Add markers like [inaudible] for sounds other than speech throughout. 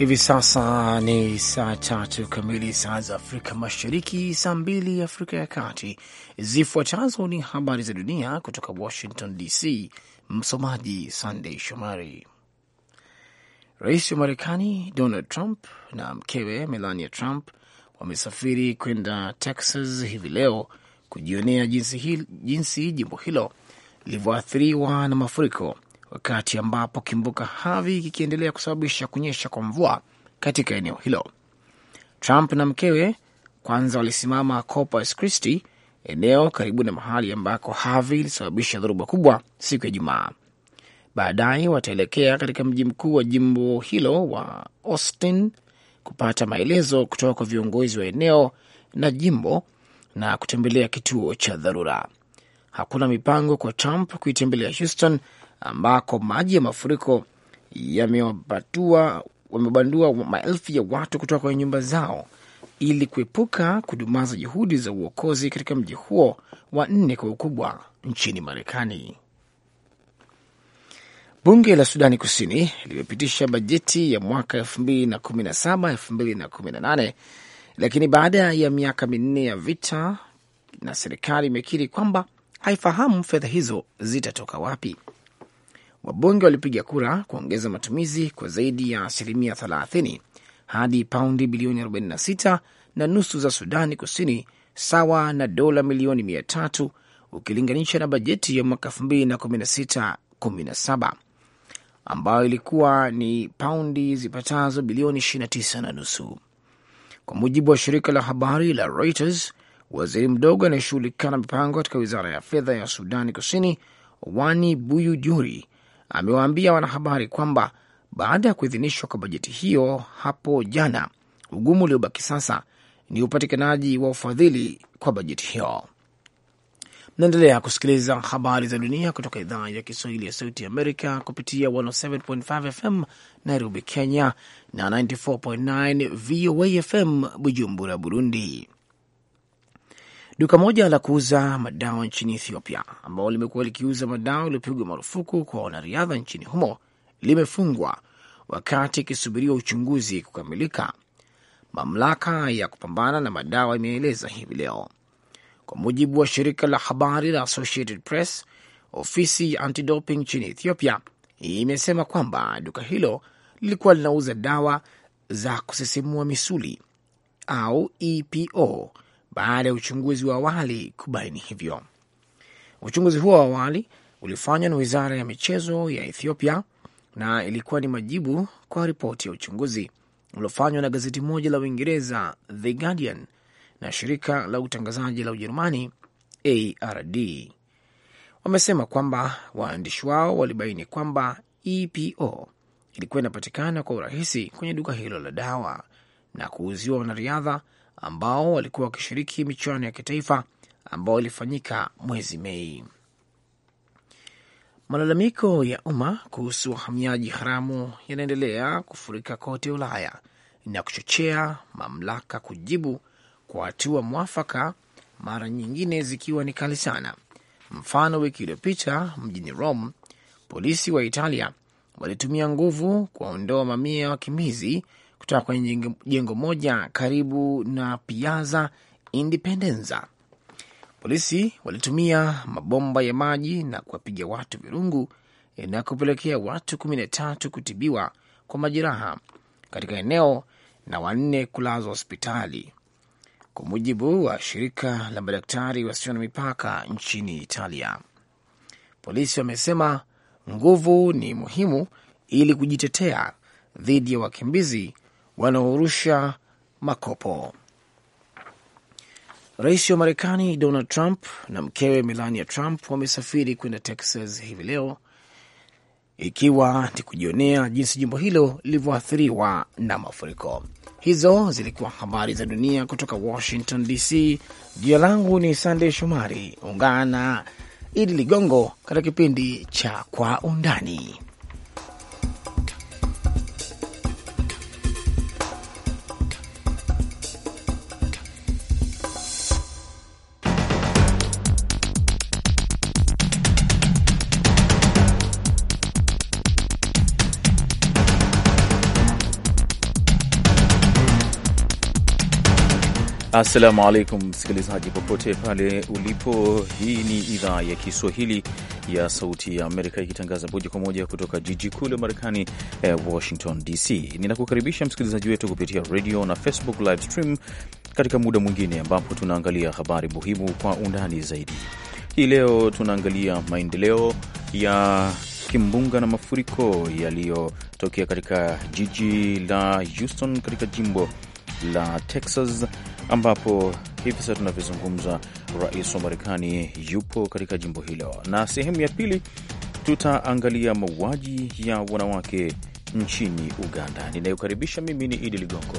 Hivi sasa ni saa tatu kamili saa za Afrika Mashariki, saa mbili Afrika ya Kati. Zifuatazo ni habari za dunia kutoka Washington DC. Msomaji Sandey Shomari. Rais wa Marekani Donald Trump na mkewe Melania Trump wamesafiri kwenda Texas hivi leo kujionea jinsi, jinsi jimbo hilo lilivyoathiriwa na mafuriko wakati ambapo kimbuka Harvey kikiendelea kusababisha kunyesha kwa mvua katika eneo hilo. Trump na mkewe kwanza walisimama Corpus Christi, eneo karibu na mahali ambako Harvey ilisababisha dhoruba kubwa siku ya jumaa Baadaye wataelekea katika mji mkuu wa jimbo hilo wa Austin kupata maelezo kutoka kwa viongozi wa eneo na jimbo na kutembelea kituo cha dharura. Hakuna mipango kwa Trump kuitembelea Houston ambako maji ya mafuriko wamebandua maelfu ya watu kutoka kwenye nyumba zao ili kuepuka kudumaza juhudi za uokozi katika mji huo wa nne kwa ukubwa nchini Marekani. Bunge la Sudani Kusini limepitisha bajeti ya mwaka 2017 2018, lakini baada ya miaka minne ya vita na serikali imekiri kwamba haifahamu fedha hizo zitatoka wapi wabunge walipiga kura kuongeza matumizi kwa zaidi ya asilimia 30 hadi paundi bilioni 46 na nusu za Sudani Kusini, sawa na dola milioni 300 ukilinganisha na bajeti ya mwaka 2016 17 ambayo ilikuwa ni paundi zipatazo bilioni 29 na nusu, kwa mujibu wa shirika la habari la Reuters. Waziri mdogo anayeshughulikana mipango katika wizara ya fedha ya Sudani Kusini, Wani Buyu Juri, amewaambia wanahabari kwamba baada ya kuidhinishwa kwa bajeti hiyo hapo jana, ugumu uliobaki sasa ni upatikanaji wa ufadhili kwa bajeti hiyo. Mnaendelea kusikiliza habari za dunia kutoka idhaa ya Kiswahili ya Sauti Amerika kupitia 107.5 FM Nairobi, Kenya na 94.9 VOA FM Bujumbura, Burundi. Duka moja la kuuza madawa nchini Ethiopia, ambao limekuwa likiuza madawa yaliyopigwa marufuku kwa wanariadha nchini humo, limefungwa wakati ikisubiriwa uchunguzi kukamilika. Mamlaka ya kupambana na madawa imeeleza hivi leo, kwa mujibu wa shirika la habari la Associated Press. Ofisi ya antidoping nchini Ethiopia imesema kwamba duka hilo lilikuwa linauza dawa za kusisimua misuli au EPO baada ya uchunguzi wa awali kubaini hivyo. Uchunguzi huo wa awali ulifanywa na wizara ya michezo ya Ethiopia na ilikuwa ni majibu kwa ripoti ya uchunguzi uliofanywa na gazeti moja la Uingereza, The Guardian, na shirika la utangazaji la Ujerumani, ARD. Wamesema kwamba waandishi wao walibaini kwamba EPO ilikuwa inapatikana kwa urahisi kwenye duka hilo la dawa na kuuziwa wanariadha ambao walikuwa wakishiriki michuano ya kitaifa ambao ilifanyika mwezi Mei. Malalamiko ya umma kuhusu wahamiaji haramu yanaendelea kufurika kote Ulaya na kuchochea mamlaka kujibu kwa hatua mwafaka, mara nyingine zikiwa ni kali sana. Mfano, wiki iliyopita mjini Rome, polisi wa Italia walitumia nguvu kuwaondoa mamia ya wakimbizi kutoka kwenye jengo moja karibu na Piazza Indipendenza. Polisi walitumia mabomba ya maji na kuwapiga watu virungu na kupelekea watu kumi na tatu kutibiwa kwa majeraha katika eneo na wanne kulazwa hospitali, kwa mujibu wa shirika la madaktari wasio na mipaka nchini Italia. Polisi wamesema nguvu ni muhimu ili kujitetea dhidi ya wakimbizi wanaorusha makopo. Rais wa Marekani Donald Trump na mkewe Melania Trump wamesafiri kwenda Texas hivi leo, ikiwa ni kujionea jinsi jimbo hilo lilivyoathiriwa na mafuriko. Hizo zilikuwa habari za dunia kutoka Washington DC. Jina langu ni Sandey Shomari. Ungana Idi Ligongo katika kipindi cha Kwa Undani. Assalamu alaikum msikilizaji, popote pale ulipo. Hii ni idhaa ya Kiswahili ya Sauti ya Amerika ikitangaza moja kwa moja kutoka jiji kuu la Marekani, eh, Washington DC. Ninakukaribisha msikilizaji wetu kupitia radio na Facebook live stream katika muda mwingine ambapo tunaangalia habari muhimu kwa undani zaidi. Hii leo tunaangalia maendeleo ya kimbunga na mafuriko yaliyotokea katika jiji la Houston katika jimbo la Texas ambapo hivi sasa tunavyozungumza, rais wa Marekani yupo katika jimbo hilo, na sehemu ya pili tutaangalia mauaji ya wanawake nchini Uganda. Ninayokaribisha mimi ni Idi Ligongo.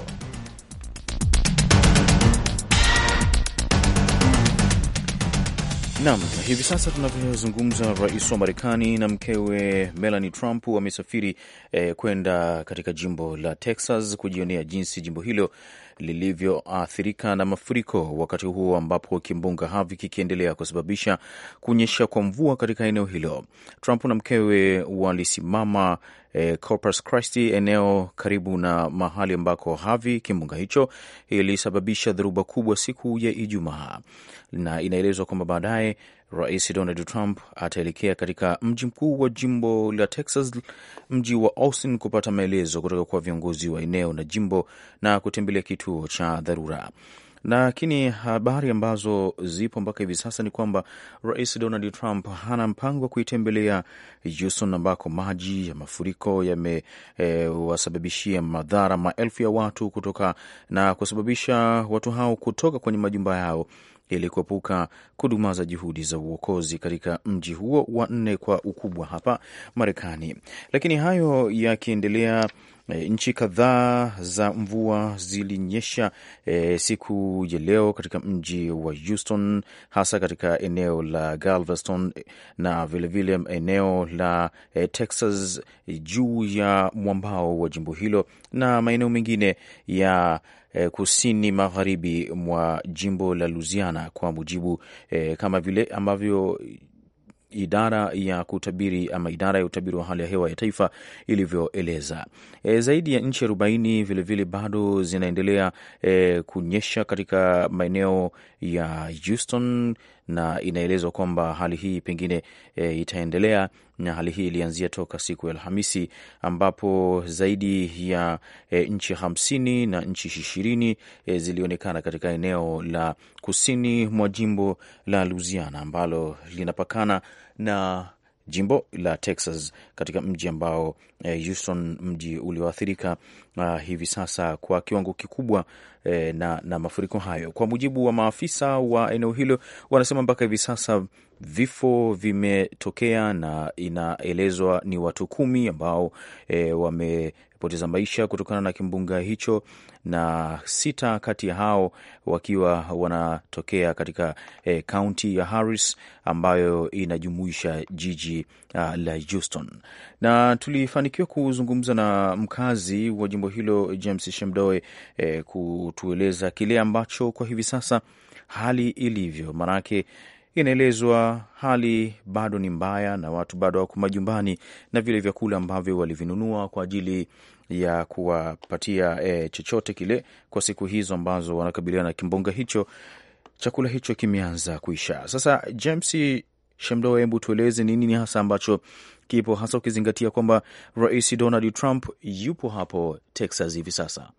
Nam, hivi sasa tunavyozungumza, rais wa Marekani na mkewe Melanie Trump wamesafiri eh, kwenda katika jimbo la Texas kujionea jinsi jimbo hilo lilivyoathirika na mafuriko, wakati huo ambapo kimbunga Harvey kikiendelea kusababisha kunyesha kwa mvua katika eneo hilo. Trump na mkewe walisimama E, Corpus Christi, eneo karibu na mahali ambako Harvey kimbunga hicho ilisababisha dhoruba kubwa siku ya Ijumaa, na inaelezwa kwamba baadaye Rais Donald Trump ataelekea katika mji mkuu wa jimbo la Texas, mji wa Austin, kupata maelezo kutoka kwa viongozi wa eneo na jimbo na kutembelea kituo cha dharura. Lakini habari ambazo zipo mpaka hivi sasa ni kwamba Rais Donald Trump hana mpango wa kuitembelea Houston, ambako maji ya mafuriko yamewasababishia e, madhara maelfu ya watu kutoka na kusababisha watu hao kutoka kwenye majumba yao ili kuepuka kudumaza juhudi za uokozi katika mji huo wa nne kwa ukubwa hapa Marekani. Lakini hayo yakiendelea e, nchi kadhaa za mvua zilinyesha e, siku ya leo katika mji wa Houston, hasa katika eneo la Galveston na vilevile vile eneo la e, Texas e, juu ya mwambao wa jimbo hilo na maeneo mengine ya eh, kusini magharibi mwa jimbo la Louisiana kwa mujibu eh, kama vile ambavyo idara ya kutabiri ama idara ya utabiri wa hali ya hewa ya taifa ilivyoeleza. E, zaidi ya nchi arobaini vilevile bado zinaendelea e, kunyesha katika maeneo ya Houston na inaelezwa kwamba hali hii pengine e, itaendelea na hali hii ilianzia toka siku ya Alhamisi ambapo zaidi ya e, nchi hamsini na nchi ishirini e, zilionekana katika eneo la kusini mwa jimbo la Louisiana ambalo linapakana na jimbo la Texas katika mji ambao Eh, Houston, mji ulioathirika uh, hivi sasa kwa kiwango kikubwa eh, na, na mafuriko hayo. Kwa mujibu wa maafisa wa eneo hilo, wanasema mpaka hivi sasa vifo vimetokea na inaelezwa ni watu kumi ambao eh, wame poteza maisha kutokana na kimbunga hicho na sita kati ya hao wakiwa wanatokea katika eh, kaunti e, ya Harris ambayo inajumuisha jiji uh, la Houston. Na tulifani tumefanikiwa kuzungumza na mkazi wa jimbo hilo James Shemdoe eh, kutueleza kile ambacho kwa hivi sasa hali ilivyo, maanake inaelezwa hali bado ni mbaya na watu bado wako majumbani na vile vyakula ambavyo walivinunua kwa ajili ya kuwapatia e, chochote kile kwa siku hizo ambazo wanakabiliana na kimbunga hicho, chakula hicho kimeanza kuisha. Sasa James Shemdoe, hebu tueleze nini ni hasa ambacho kipo, hasa ukizingatia kwamba Rais Donald Trump yupo hapo Texas hivi sasa.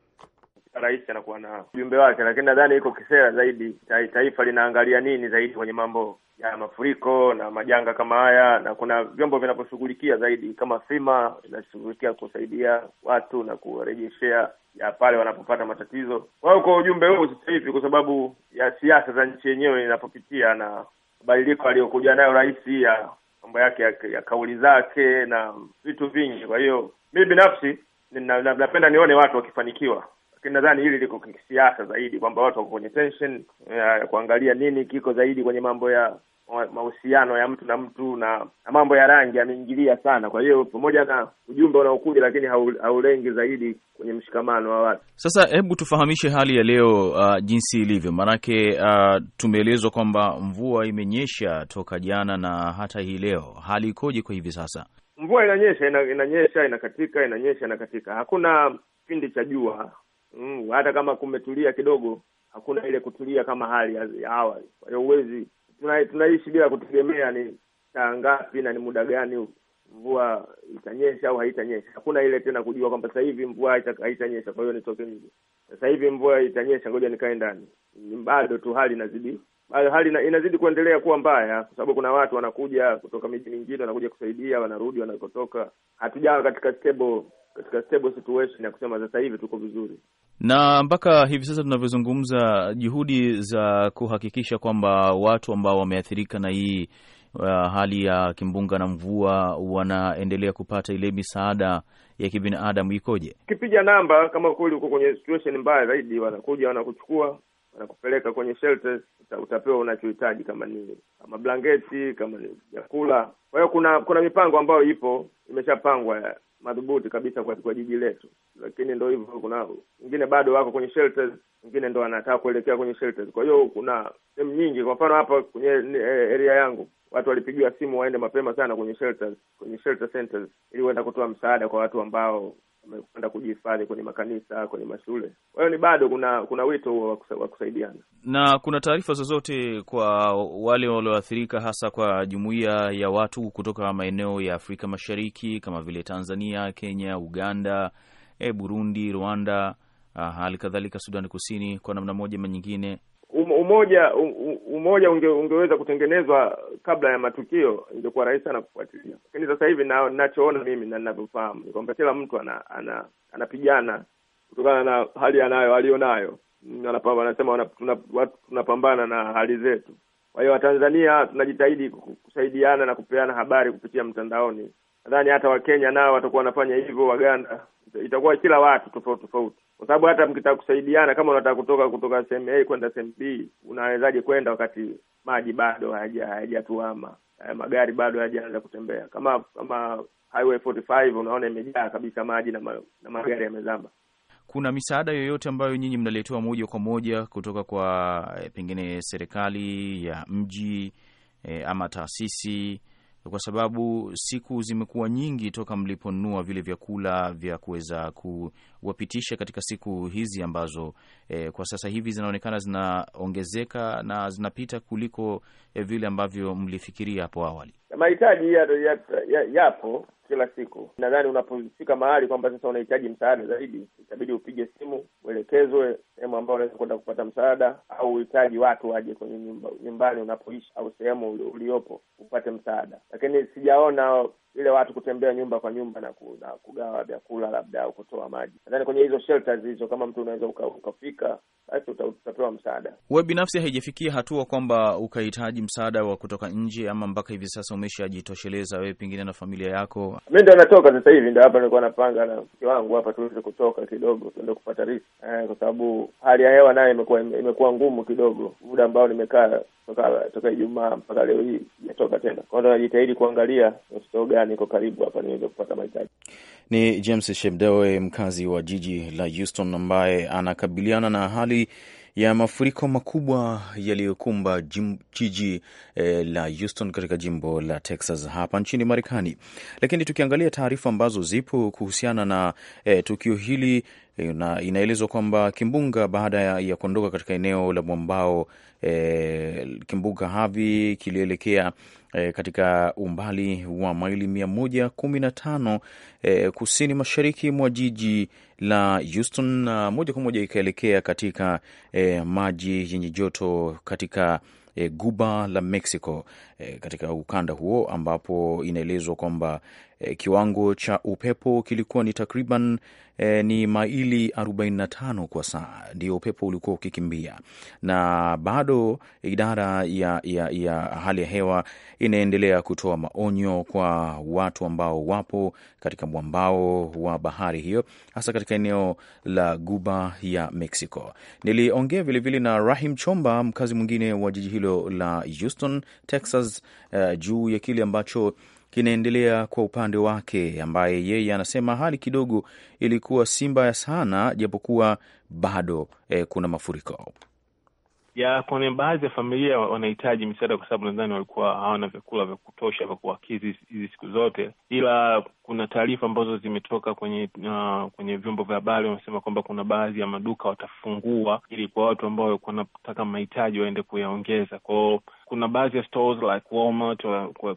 Rais anakuwa na ujumbe wake, lakini nadhani iko kisera zaidi. Taifa linaangalia nini zaidi kwenye mambo ya mafuriko na majanga kama haya, na kuna vyombo vinavyoshughulikia zaidi kama FEMA inashughulikia kusaidia watu na kuwarejeshea ya pale wanapopata matatizo. Kwa hiyo kwa ujumbe huu sasa hivi, kwa sababu ya siasa za nchi yenyewe inapopitia na mabadiliko aliyokuja nayo rais ya mambo yake ya, ya kauli zake na vitu vingi. Kwa hiyo mimi binafsi napenda nione watu wakifanikiwa, lakini nadhani hili liko kisiasa zaidi, kwamba watu wako kwenye tension eh, ya kuangalia nini kiko zaidi kwenye mambo ya mahusiano ya mtu na mtu na, na mambo ya rangi yameingilia sana. Kwa hiyo pamoja na ujumbe unaokuja, lakini haulengi zaidi kwenye mshikamano wa watu. Sasa hebu tufahamishe hali ya leo uh, jinsi ilivyo, maanake uh, tumeelezwa kwamba mvua imenyesha toka jana na hata hii leo, hali ikoje kwa hivi sasa? Mvua inanyesha ina, inanyesha inakatika, inanyesha inakatika, hakuna kipindi cha jua mm, hata kama kumetulia kidogo, hakuna ile kutulia kama hali ya awali. Kwa hiyo huwezi tunaishi bila kutegemea ni saa ngapi na ni muda gani mvua itanyesha au haitanyesha. Hakuna ile tena kujua kwamba sasa hivi mvua haitanyesha, kwa hiyo nitoke nje. Sasa hivi mvua itanyesha, ngoja nikae ndani. Bado tu hali inazidi bado hali na, inazidi kuendelea kuwa mbaya, kwa sababu kuna watu wanakuja kutoka miji mingine, wanakuja kusaidia, wanarudi wanakotoka. Hatujawa katika stable katika stable situation ya kusema sasa hivi tuko vizuri na mpaka hivi sasa tunavyozungumza, juhudi za kuhakikisha kwamba watu ambao wameathirika na hii uh, hali ya kimbunga na mvua wanaendelea kupata ile misaada ya kibinadamu ikoje? Ukipiga namba kama kweli uko kwenye situation mbaya zaidi, wanakuja wanakuchukua, wanakupeleka kwenye shelters, utapewa unachohitaji, kama ni kama blanketi, kama ni vyakula. Kwa hiyo kuna kuna mipango ambayo ipo imeshapangwa madhubuti kabisa kwa kwa jiji letu, lakini ndo hivyo, kuna wengine bado wako kwenye shelters, wengine ndo wanataka kuelekea kwenye shelters. Kwa hiyo kuna sehemu nyingi, kwa mfano hapa kwenye e, area yangu watu walipigiwa simu waende mapema sana kwenye shelters, kwenye shelter centers ili waenda kutoa msaada kwa watu ambao wamekwenda kujihifadhi kwenye makanisa, kwenye mashule. Kwa hiyo ni bado kuna kuna wito huo wa kusaidiana, na kuna taarifa zozote kwa wale walioathirika, hasa kwa jumuiya ya watu kutoka maeneo ya Afrika Mashariki kama vile Tanzania, Kenya, Uganda, e, Burundi, Rwanda, ah, hali kadhalika Sudani Kusini, kwa namna moja ama nyingine Um, umoja um, um, umoja unge, ungeweza kutengenezwa kabla ya matukio, ingekuwa rahisi sana kufuatilia. Lakini sasa hivi na ninachoona mimi na ninavyofahamu ni kwamba kila mtu ana, ana, anapigana kutokana na hali anayo alionayo, wanasema tunapambana na hali zetu. Kwa hiyo Watanzania tunajitahidi kusaidiana na kupeana habari kupitia mtandaoni. Nadhani hata Wakenya nao watakuwa wanafanya hivyo, Waganda, itakuwa kila watu tofauti tofauti kwa sababu hata mkitaka kusaidiana, kama unataka kutoka kutoka sehemu A kwenda sehemu B, unawezaje kwenda wakati maji bado hayajatuama, haya magari bado hayajaanza kutembea? Kama kama highway 45 unaona imejaa kabisa maji na, ma, na magari yamezama. Kuna misaada yoyote ambayo nyinyi mnaletewa moja kwa moja kutoka kwa eh, pengine serikali ya mji eh, ama taasisi? Kwa sababu siku zimekuwa nyingi toka mliponunua vile vyakula vya kuweza ku wapitishe katika siku hizi ambazo e, kwa sasa hivi zinaonekana zinaongezeka na zinapita kuliko e, vile ambavyo mlifikiria hapo awali? Mahitaji yapo ya, ya, ya kila siku. Nadhani unapofika mahali kwamba sasa unahitaji msaada zaidi, itabidi upige simu uelekezwe sehemu ambayo unaweza kwenda kupata msaada, au uhitaji watu waje kwenye nyumba, nyumbani unapoishi au sehemu uliopo upate msaada, lakini sijaona ile watu kutembea nyumba kwa nyumba na, ku, na kugawa vyakula labda au kutoa maji. Nadhani kwenye hizo shelters hizo, kama mtu unaweza ukafika, basi utapewa msaada. Wewe binafsi haijafikia hatua kwamba ukahitaji msaada wa kutoka nje, ama mpaka hivi sasa umeshajitosheleza wewe pengine na familia yako? Mi ndo natoka sasa hivi, ndo hapa nilikuwa napanga na mke wangu hapa tuweze kutoka kidogo, tuende kupata riski eh, kwa sababu hali ya hewa nayo imekuwa imekuwa ngumu kidogo, muda ambao nimekaa toka toka Ijumaa mpaka leo hii sijatoka tena kwao. Najitahidi kuangalia hospitali gani iko karibu hapa niweze kupata mahitaji. Ni James Shebdewe, mkazi wa jiji la Houston, ambaye anakabiliana na hali ya mafuriko makubwa yaliyokumba jiji eh, la Houston katika jimbo la Texas hapa nchini Marekani. Lakini tukiangalia taarifa ambazo zipo kuhusiana na eh, tukio hili eh, na inaelezwa kwamba kimbunga baada ya, ya kuondoka katika eneo la mwambao eh, kimbunga Harvey kilielekea e, katika umbali wa maili mia e, kusini mashariki mwa jiji la Houston na moja kwa moja ikaelekea katika e, maji yenye joto katika e, guba la Mexico e, katika ukanda huo ambapo inaelezwa kwamba e, kiwango cha upepo kilikuwa ni takriban e, ni maili 45 kwa saa, ndio upepo ulikuwa ukikimbia, na bado idara ya, ya, ya hali ya hewa inaendelea kutoa maonyo kwa watu ambao wapo katika mwambao wa bahari hiyo, hasa katika eneo la guba ya Mexico. Niliongea vilevile na Rahim Chomba, mkazi mwingine wa jiji hilo la Houston, Texas, uh, juu ya kile ambacho kinaendelea kwa upande wake, ambaye yeye anasema hali kidogo ilikuwa si mbaya sana, japokuwa bado eh, kuna mafuriko ya kuna baadhi ya familia wanahitaji misaada kwa sababu nadhani walikuwa hawana vyakula vya kutosha vya kuwakizi hizi siku zote, ila kuna taarifa ambazo zimetoka kwenye uh, kwenye vyombo vya habari, wanasema kwamba kuna baadhi ya maduka watafungua ili kwa watu ambao walikuwa wanataka mahitaji waende kuyaongeza kwao kuna baadhi ya stores like Walmart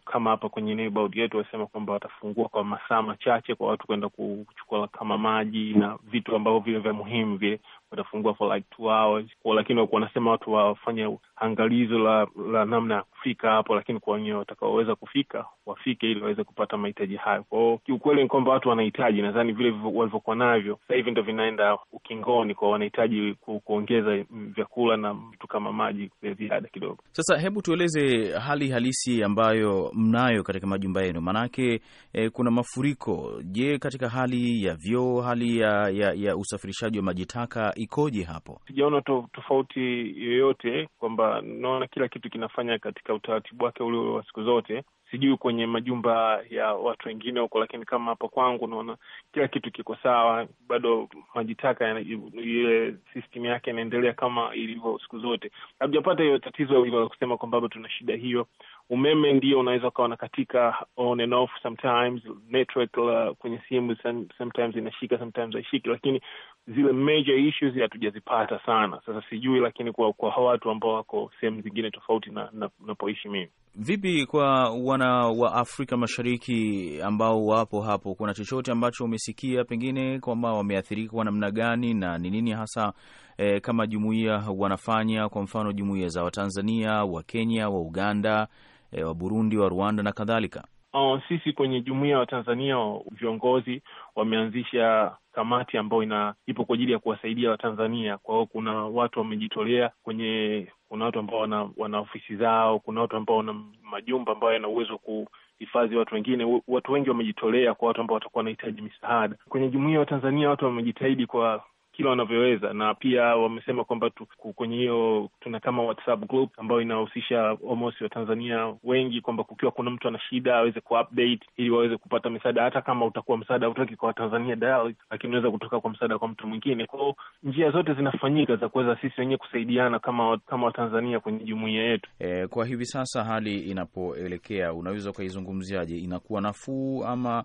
kama hapa kwenye neighborhood yetu wasema kwamba watafungua kwa masaa machache kwa watu kwenda kuchukua kama maji na vitu ambavyo vile vya muhimu vile watafungua for like two hours kwa, lakini wanasema watu wafanye angalizo la, la namna ya kufika hapo, lakini kwa wenyewe watakaoweza kufika wafike ili waweze kupata mahitaji hayo. Kwao kiukweli ni kwamba watu wanahitaji, nadhani vile walivyokuwa navyo sasa hivi ndo vinaenda ukingoni, kwa wanahitaji kuongeza vyakula na vitu kama maji vya ziada kidogo. Sasa hebu tueleze hali halisi ambayo mnayo katika majumba yenu, maanake e, kuna mafuriko. Je, katika hali ya vyoo, hali ya, ya, ya usafirishaji wa maji taka ikoje hapo? Sijaona to, tofauti yoyote, kwamba naona kila kitu kinafanya katika utaratibu wake ule wa siku zote sijui kwenye majumba ya watu wengine huko, lakini kama hapa kwangu naona kila kitu kiko sawa, bado majitaka ile system yake inaendelea kama ilivyo siku zote. Hatujapata hiyo tatizo la kusema kwamba bado tuna shida hiyo umeme ndio unaweza ukawa na katika on and off sometimes, network la uh, kwenye simu sometimes inashika sometimes haishiki, lakini zile major issues hatujazipata sana. Sasa sijui, lakini kwa kwa watu ambao wako sehemu zingine tofauti na napoishi na mimi, vipi kwa wana wa Afrika Mashariki ambao wapo hapo, kuna chochote ambacho umesikia pengine kwamba wameathirika namna gani na ni nini hasa eh, kama jumuia wanafanya, kwa mfano jumuia za Watanzania, wa Kenya, wa Uganda e, wa Burundi, wa Rwanda na kadhalika. Oh, sisi kwenye jumuiya ya Tanzania viongozi wameanzisha kamati ambayo ina ipo kwa ajili ya kuwasaidia Watanzania. Kwa hiyo kuna watu wamejitolea kwenye, kuna watu ambao wana, wana ofisi zao, kuna watu ambao wana majumba ambayo yana uwezo kuhifadhi watu wengine. Watu wengi wamejitolea kwa watu ambao watakuwa wanahitaji misaada kwenye jumuiya ya Tanzania. Watu wamejitahidi kwa kila wanavyoweza, na pia wamesema kwamba kwenye hiyo tuna kama WhatsApp group ambayo inahusisha almost Watanzania wengi, kwamba kukiwa kuna mtu ana shida aweze kuupdate ili waweze kupata misaada, hata kama utakuwa msaada utoki kwa Watanzania direct, lakini unaweza kutoka kwa msaada kwa mtu mwingine. Kwao njia zote zinafanyika za kuweza sisi wenyewe kusaidiana kama kama Watanzania kwenye jumuiya yetu. E, kwa hivi sasa hali inapoelekea, unaweza ukaizungumziaje? Inakuwa nafuu ama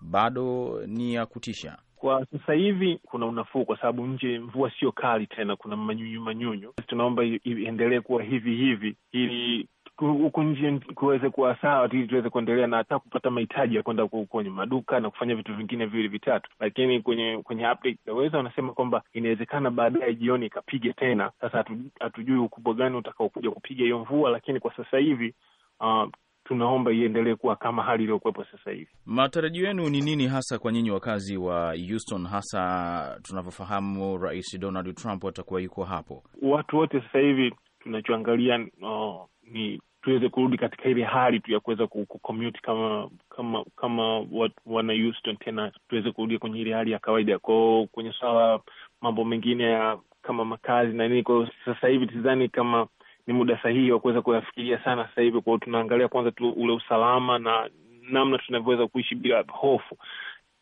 bado ni ya kutisha? Kwa sasa hivi kuna unafuu kwa sababu nje mvua sio kali tena, kuna manyunyu manyunyu. Tunaomba iendelee kuwa hivi hivi ili huku nje kuweze kuwa sawa, ili tuweze kuendelea na hata kupata mahitaji ya kwenda kwenye maduka na kufanya vitu vingine viwili vitatu. Lakini kwenye kwenye update aweza wanasema kwamba inawezekana baadaye jioni ikapiga tena. Sasa hatujui ukubwa gani utakaokuja kupiga hiyo mvua, lakini kwa sasa hivi uh, tunaomba iendelee kuwa kama hali iliyokuwepo sasa hivi. Matarajio yenu ni nini hasa kwa nyinyi wakazi wa Houston, hasa tunavyofahamu Rais Donald Trump atakuwa yuko hapo? Watu wote sasa hivi tunachoangalia no, ni tuweze kurudi katika ile hali tu ya kuweza kucommute kama kama kama wat, wana Houston tena tuweze kurudi kwenye ile hali ya kawaida kwao kwenye swala mambo mengine ya kama makazi na nini. Kwa hiyo sasa hivi sidhani kama ni muda sahihi wa kuweza kuyafikiria sana sasa hivi kwao. Tunaangalia kwanza tu ule usalama na namna tunavyoweza kuishi bila hofu.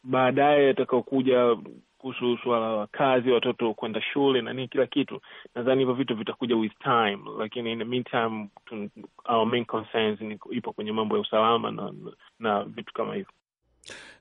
Baadaye atakaokuja kuhusu suala la kazi, watoto kwenda shule na nini, kila kitu, nadhani hivyo vitu vitakuja with time, lakini in the meantime, our main concerns ipo kwenye mambo ya usalama na, na vitu kama hivyo.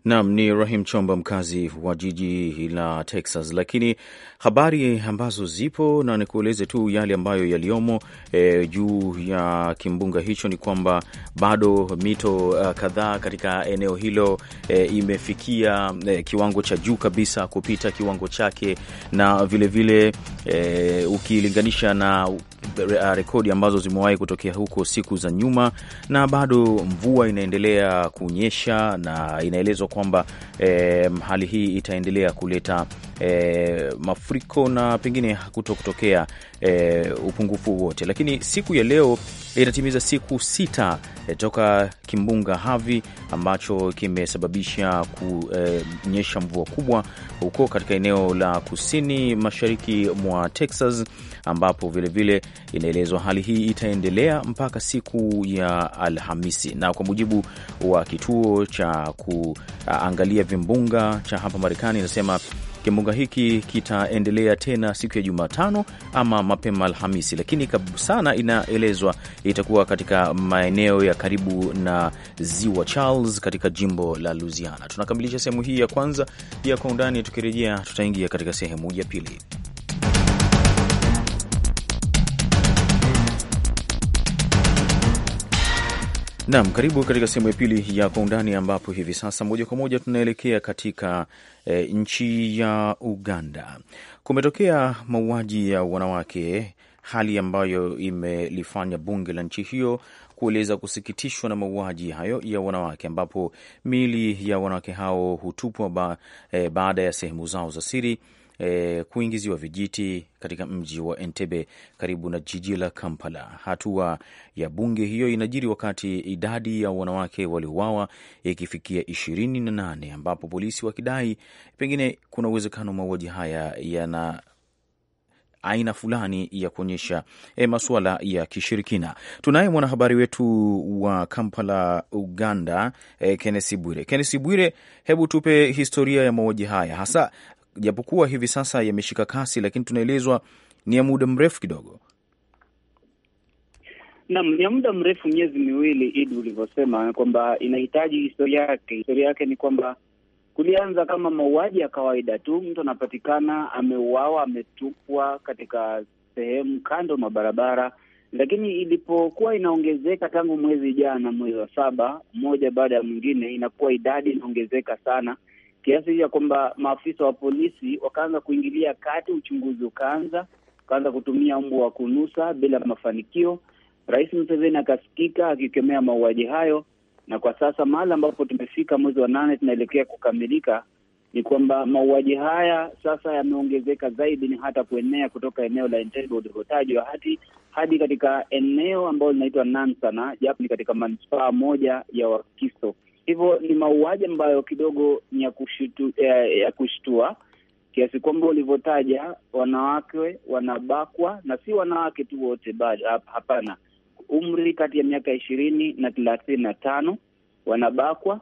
Nam ni Rahim Chomba, mkazi wa jiji la Texas. Lakini habari ambazo zipo na nikueleze tu yale ambayo yaliyomo e, eh, juu ya kimbunga hicho ni kwamba bado mito uh, kadhaa katika eneo hilo e, imefikia e, kiwango cha juu kabisa kupita kiwango chake, na vilevile vile, e, ukilinganisha na rekodi ambazo zimewahi kutokea huko siku za nyuma, na bado mvua inaendelea kunyesha na ina inaelezwa kwamba eh, hali hii itaendelea kuleta e, mafuriko na pengine hakuto kutokea e, upungufu wote. Lakini siku ya leo inatimiza siku sita e, toka kimbunga Harvey ambacho kimesababisha kunyesha e, mvua kubwa huko katika eneo la kusini mashariki mwa Texas, ambapo vilevile inaelezwa hali hii itaendelea mpaka siku ya Alhamisi, na kwa mujibu wa kituo cha kuangalia vimbunga cha hapa Marekani inasema Kimbunga hiki kitaendelea tena siku ya Jumatano ama mapema Alhamisi, lakini sana inaelezwa itakuwa katika maeneo ya karibu na ziwa Charles katika jimbo la Louisiana. Tunakamilisha sehemu hii ya kwanza ya Kwa Undani. Tukirejea tutaingia katika sehemu ya pili. Naam, karibu katika sehemu ya pili ya Kwa Undani, ambapo hivi sasa moja kwa moja tunaelekea katika e, nchi ya Uganda. Kumetokea mauaji ya wanawake, hali ambayo imelifanya bunge la nchi hiyo kueleza kusikitishwa na mauaji hayo ya wanawake, ambapo miili ya wanawake hao hutupwa ba, e, baada ya sehemu zao za siri e, kuingiziwa vijiti katika mji wa Entebbe karibu na jiji la Kampala. Hatua ya bunge hiyo inajiri wakati idadi ya wanawake waliouawa ikifikia ishirini na nane ambapo polisi wakidai pengine kuna uwezekano mauaji haya yana aina fulani ya kuonyesha e, masuala ya kishirikina. Tunaye mwanahabari wetu wa Kampala, Uganda, e, Kennesi Bwire. Kennesi Bwire, hebu tupe historia ya mauaji haya, hasa japokuwa hivi sasa yameshika kasi, lakini tunaelezwa ni ya muda mrefu kidogo. Naam, ni ya muda mrefu, miezi miwili. Idi ulivyosema kwamba inahitaji historia yake. Historia yake ni kwamba kulianza kama mauaji ya kawaida tu, mtu anapatikana ameuawa, ametupwa katika sehemu kando mwa barabara, lakini ilipokuwa inaongezeka tangu mwezi jana, mwezi wa saba, mmoja baada ya mwingine, inakuwa idadi inaongezeka sana kiasi ya kwamba maafisa wa polisi wakaanza kuingilia kati, uchunguzi ukaanza, ukaanza kutumia mbwa wa kunusa bila mafanikio. Rais Museveni akasikika akikemea mauaji hayo, na kwa sasa mahali ambapo tumefika mwezi wa nane tunaelekea kukamilika, ni kwamba mauaji haya sasa yameongezeka zaidi, ni hata kuenea kutoka eneo la Entebbe ulivyotajwa hadi hadi katika eneo ambalo linaitwa Nansana, japo ni katika manispaa moja ya Wakiso. Hivyo ni mauaji ambayo kidogo ni ya kushutu, eh, ya kushtua kiasi kwamba ulivyotaja, wanawake wanabakwa na si wanawake tu wote, bali hapana, umri kati ya miaka ishirini na thelathini na tano wanabakwa.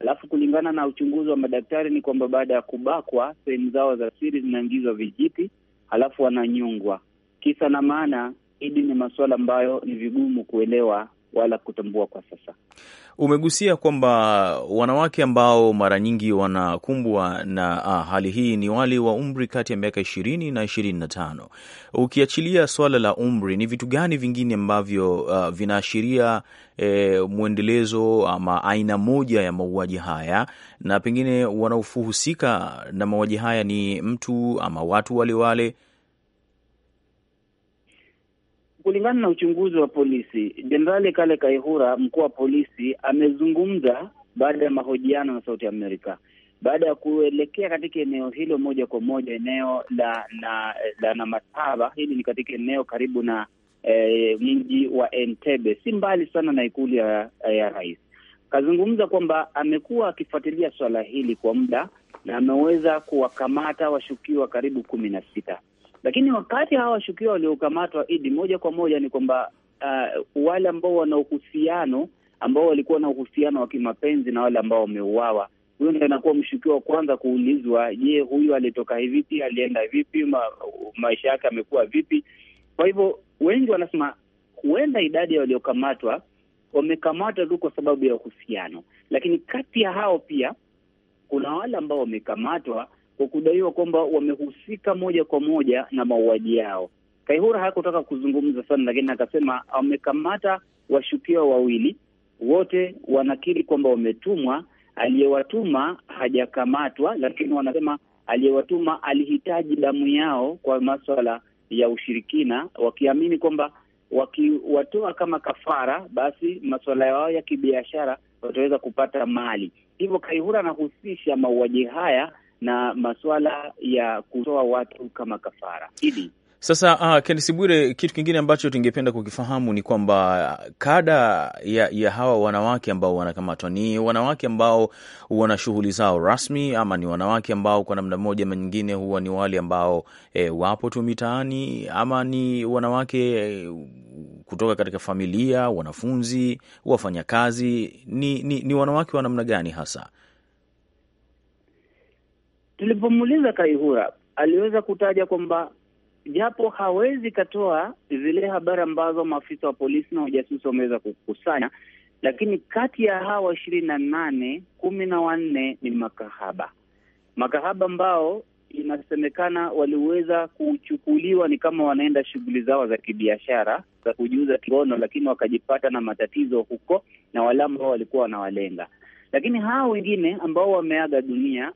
Alafu kulingana na uchunguzi wa madaktari ni kwamba baada ya kubakwa sehemu zao za siri zinaingizwa vijiti, alafu wananyungwa. Kisa na maana, hidi ni masuala ambayo ni vigumu kuelewa wala kutambua kwa sasa. Umegusia kwamba wanawake ambao mara nyingi wanakumbwa na ah, hali hii ni wale wa umri kati ya miaka ishirini na ishirini na tano. Ukiachilia swala la umri, ni vitu gani vingine ambavyo uh, vinaashiria eh, mwendelezo ama aina moja ya mauaji haya, na pengine wanaohusika na mauaji haya ni mtu ama watu walewale wale Kulingana na uchunguzi wa polisi, Jenerali Kale Kaihura, mkuu wa polisi, amezungumza baada ya mahojiano na Sauti Amerika baada ya kuelekea katika eneo hilo moja kwa moja eneo la la, la Namataba. Hili ni katika eneo karibu na eh, mji wa Entebbe, si mbali sana na ikulu ya, ya rais. Kazungumza kwamba amekuwa akifuatilia swala hili kwa muda na ameweza kuwakamata washukiwa karibu kumi na sita. Lakini wakati hawa washukiwa waliokamatwa idi, moja kwa moja ni kwamba uh, wale ambao wana uhusiano ambao walikuwa na uhusiano wa kimapenzi na wale ambao wameuawa, huyo ndo anakuwa mshukiwa wa kwanza kuulizwa, je, huyu alitoka vipi, alienda vipi, ma, maisha yake amekuwa vipi? Kwa hivyo wengi wanasema huenda idadi ya waliokamatwa wamekamatwa tu kwa sababu ya uhusiano, lakini kati ya hao pia kuna wale ambao wamekamatwa kwa kudaiwa kwamba wamehusika moja kwa moja na mauaji yao. Kaihura hakutaka kuzungumza sana, lakini akasema amekamata washukiwa wawili, wote wanakiri kwamba wametumwa. Aliyewatuma hajakamatwa, lakini wanasema aliyewatuma alihitaji damu yao kwa maswala ya ushirikina, wakiamini kwamba wakiwatoa kama kafara, basi maswala yao ya kibiashara wataweza kupata mali. Hivyo Kaihura anahusisha mauaji haya na masuala ya kutoa watu kama kafara ili sasa uh, ah, Kenneth Bwire, kitu kingine ambacho tungependa kukifahamu ni kwamba kada ya, ya hawa wanawake ambao wanakamatwa ni wanawake ambao wana shughuli zao rasmi, ama ni wanawake ambao kwa namna moja ama nyingine huwa ni wale ambao e, wapo tu mitaani, ama ni wanawake e, kutoka katika familia, wanafunzi, wafanyakazi? Ni, ni, ni wanawake wa namna gani hasa? Tulipomuuliza Kaihura, aliweza kutaja kwamba japo hawezi katoa zile habari ambazo maafisa wa polisi na wajasusi wameweza kukusanya, lakini kati ya hawa ishirini na nane, kumi na wanne ni makahaba, makahaba ambao inasemekana waliweza kuchukuliwa ni kama wanaenda shughuli zao za kibiashara za kujiuza kigono, lakini wakajipata na matatizo huko na wale ambao walikuwa wanawalenga. Lakini hawa wengine ambao wameaga dunia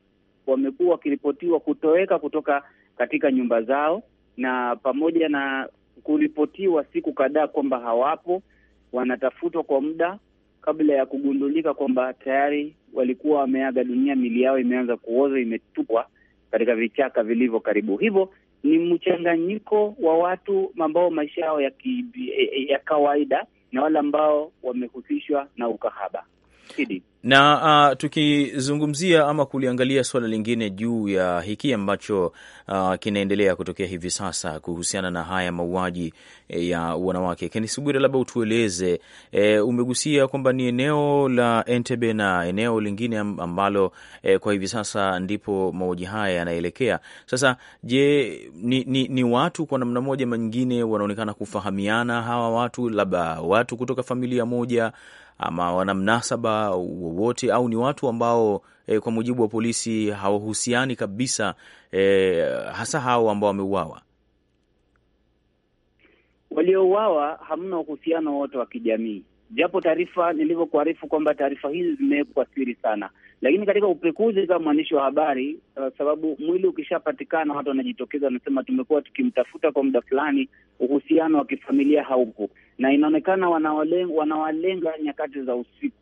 wamekuwa wakiripotiwa kutoweka kutoka katika nyumba zao, na pamoja na kuripotiwa siku kadhaa kwamba hawapo, wanatafutwa kwa muda kabla ya kugundulika kwamba tayari walikuwa wameaga dunia, mili yao imeanza kuoza, imetupwa katika vichaka vilivyo karibu. Hivyo ni mchanganyiko wa watu ambao maisha yao ya, ya kawaida na wale ambao wamehusishwa na ukahaba. Hidi na uh, tukizungumzia ama kuliangalia suala lingine juu ya hiki ambacho uh, kinaendelea kutokea hivi sasa kuhusiana na haya mauaji eh, ya wanawake, Kenesi Bwire, labda utueleze e, umegusia kwamba ni eneo la Entebbe na eneo lingine ambalo e, kwa hivi sasa ndipo mauaji haya yanaelekea sasa. Je, ni, ni, ni watu kwa namna moja ama nyingine wanaonekana kufahamiana hawa watu, labda watu kutoka familia moja ama wana mnasaba wowote au ni watu ambao e, kwa mujibu wa polisi hawahusiani kabisa e, hasa hao ambao wameuawa? Waliouawa hamna uhusiano wote wa kijamii, japo taarifa nilivyokuarifu kwamba taarifa hizi zimewekwa siri sana. Lakini katika upekuzi kama mwandishi wa habari, uh, sababu mwili ukishapatikana watu wanajitokeza, wanasema tumekuwa tukimtafuta kwa muda fulani, uhusiano wa kifamilia haupo, na inaonekana wanawalenga, wanawalenga nyakati za usiku.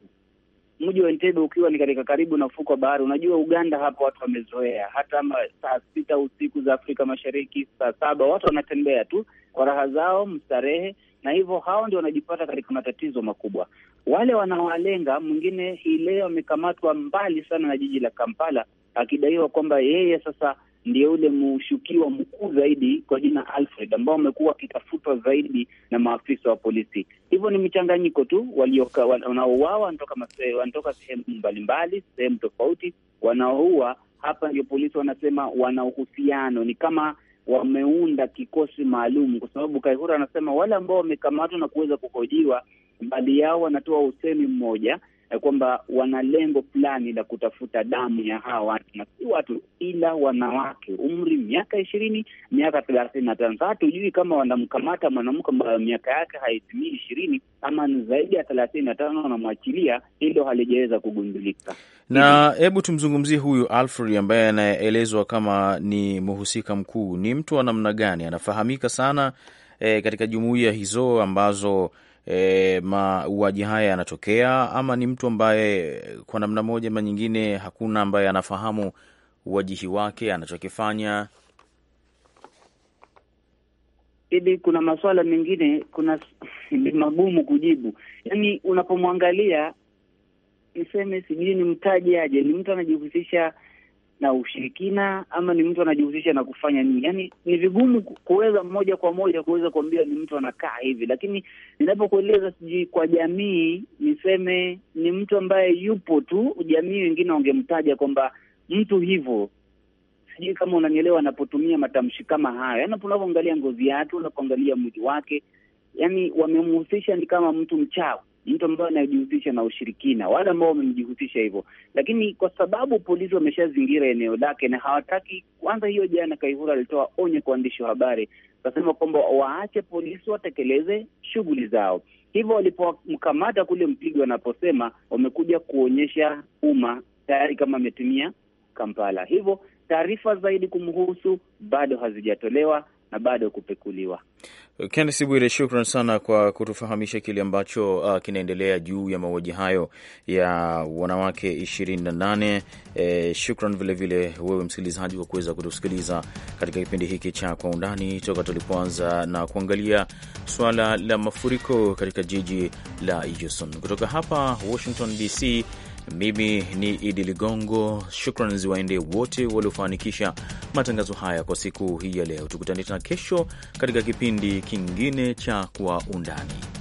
Mji wa Entebbe ukiwa ni katika karibu na ufuko wa bahari. Unajua Uganda hapo watu wamezoea, hata saa sita usiku za Afrika Mashariki, saa saba watu wanatembea tu kwa raha zao, mstarehe na hivyo hao ndio wanajipata katika matatizo makubwa wale wanaowalenga. Mwingine hii leo amekamatwa mbali sana na jiji la Kampala, akidaiwa kwamba yeye sasa ndiye ule mshukiwa mkuu zaidi kwa jina Alfred, ambao amekuwa wakitafutwa zaidi na maafisa wa polisi. Hivyo ni michanganyiko tu, wanaouawa eh, wanatoka sehemu mbalimbali, sehemu tofauti, wanaoua hapa. Ndio polisi wanasema wana uhusiano, ni kama wameunda kikosi maalum, kwa sababu Kaihura anasema wale ambao wamekamatwa na kuweza kuhojiwa, baadhi yao wanatoa usemi mmoja Eh, kwamba wana lengo fulani la kutafuta damu ya hawa watu, na si watu ila wanawake, umri miaka ishirini, miaka thelathini na tano. Sasa hatujui kama wanamkamata mwanamke ambayo miaka yake haitimii ishirini ama ni zaidi ya thelathini na tano, wanamwachilia. Hilo halijaweza kugundulika. Na hebu tumzungumzie huyu Alfred ambaye anaelezwa kama ni mhusika mkuu. Ni mtu wa namna gani? Anafahamika sana eh, katika jumuiya hizo ambazo e, mauaji haya yanatokea, ama ni mtu ambaye kwa namna moja ama nyingine hakuna ambaye anafahamu uwajihi wake anachokifanya ili kuna masuala mengine kuna [laughs] ni magumu kujibu. yani unapomwangalia niseme, sijui mtaji aje, ni mtu anajihusisha na ushirikina ama ni mtu anajihusisha na kufanya nini? Yani ni vigumu kuweza moja kwa moja kuweza kuambia ni mtu anakaa hivi, lakini ninapokueleza, sijui kwa jamii niseme ni mtu ambaye yupo tu, jamii wengine wangemtaja kwamba mtu hivyo. Sijui kama unanielewa, anapotumia matamshi kama hayo, yani unapoangalia ngozi yake, unapoangalia mwili wake, yani wamemhusisha ni kama mtu mchawi mtu ambaye anajihusisha na ushirikina, wale ambao wamemjihusisha hivyo. Lakini kwa sababu polisi wameshazingira eneo lake na hawataki, kwanza hiyo jana Kaihura alitoa onyo kwa waandishi wa habari, akasema kwamba waache polisi watekeleze shughuli zao. Hivyo walipomkamata kule mpigwa wanaposema wamekuja kuonyesha umma tayari kama ametumia Kampala. Hivyo taarifa zaidi kumhusu bado hazijatolewa na bado kupekuliwa. Kenneth Bwire, shukran sana kwa kutufahamisha kile ambacho uh, kinaendelea juu ya mauaji hayo ya wanawake ishirini na nane. E, shukran vilevile wewe msikilizaji kwa kuweza kutusikiliza katika kipindi hiki cha Kwa Undani toka tulipoanza na kuangalia suala la mafuriko katika jiji la Houston. Kutoka hapa Washington DC, mimi ni Idi Ligongo. Shukran ziwaende wote waliofanikisha matangazo haya kwa siku hii ya leo. Tukutane tena kesho katika kipindi kingine cha Kwa Undani.